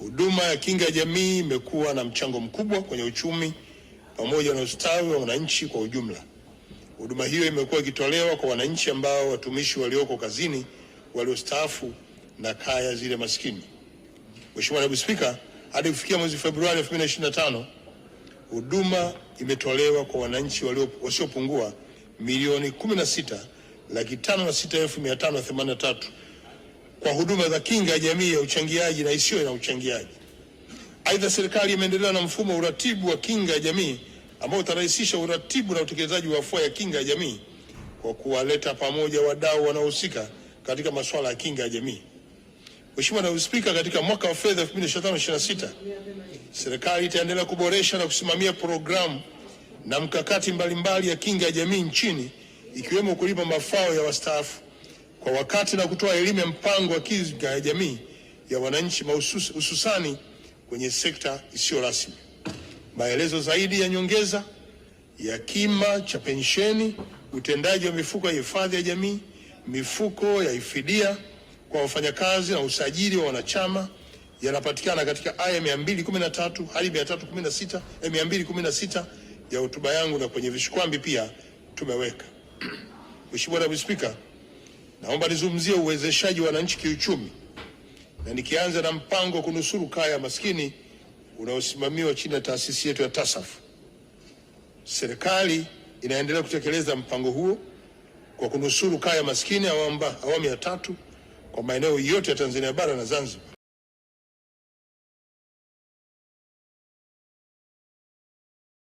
Huduma ya kinga ya jamii imekuwa na mchango mkubwa kwenye uchumi pamoja na ustawi wa wananchi kwa ujumla. Huduma hiyo imekuwa ikitolewa kwa wananchi ambao watumishi walioko kazini, waliostaafu na kaya zile maskini. Mheshimiwa Naibu Spika, hadi kufikia mwezi Februari 2025 huduma imetolewa kwa wananchi wasiopungua milioni 16 laki 5 na 6583 kwa huduma za kinga ya jamii ya uchangiaji na isiyo ya uchangiaji. Aidha, serikali imeendelea na mfumo wa uratibu wa kinga ya jamii ambao utarahisisha uratibu na utekelezaji wa afua ya kinga ya jamii kwa kuwaleta pamoja wadau wanaohusika katika masuala ya kinga ya jamii. Mheshimiwa Naibu Spika, katika mwaka wa fedha 2025/26 serikali itaendelea kuboresha na kusimamia programu na mkakati mbalimbali mbali ya kinga ya jamii nchini ikiwemo kulipa mafao ya wastaafu kwa wakati na kutoa elimu ya mpango wa kinga ya jamii ya wananchi hususani kwenye sekta isiyo rasmi. Maelezo zaidi ya nyongeza ya kima cha pensheni, utendaji wa mifuko ya hifadhi ya jamii, mifuko ya fidia kwa wafanyakazi na usajili wa wanachama yanapatikana katika aya 213 hadi 316, 216 eh, ya hotuba yangu na kwenye vishikwambi pia tumeweka. Mheshimiwa Naibu Spika Naomba nizungumzie uwezeshaji wa wananchi kiuchumi, na nikianza na mpango wa kunusuru kaya maskini unaosimamiwa chini ya taasisi yetu ya TASAF. Serikali inaendelea kutekeleza mpango huo kwa kunusuru kaya maskini awamu ya tatu kwa maeneo yote ya Tanzania bara na Zanzibar.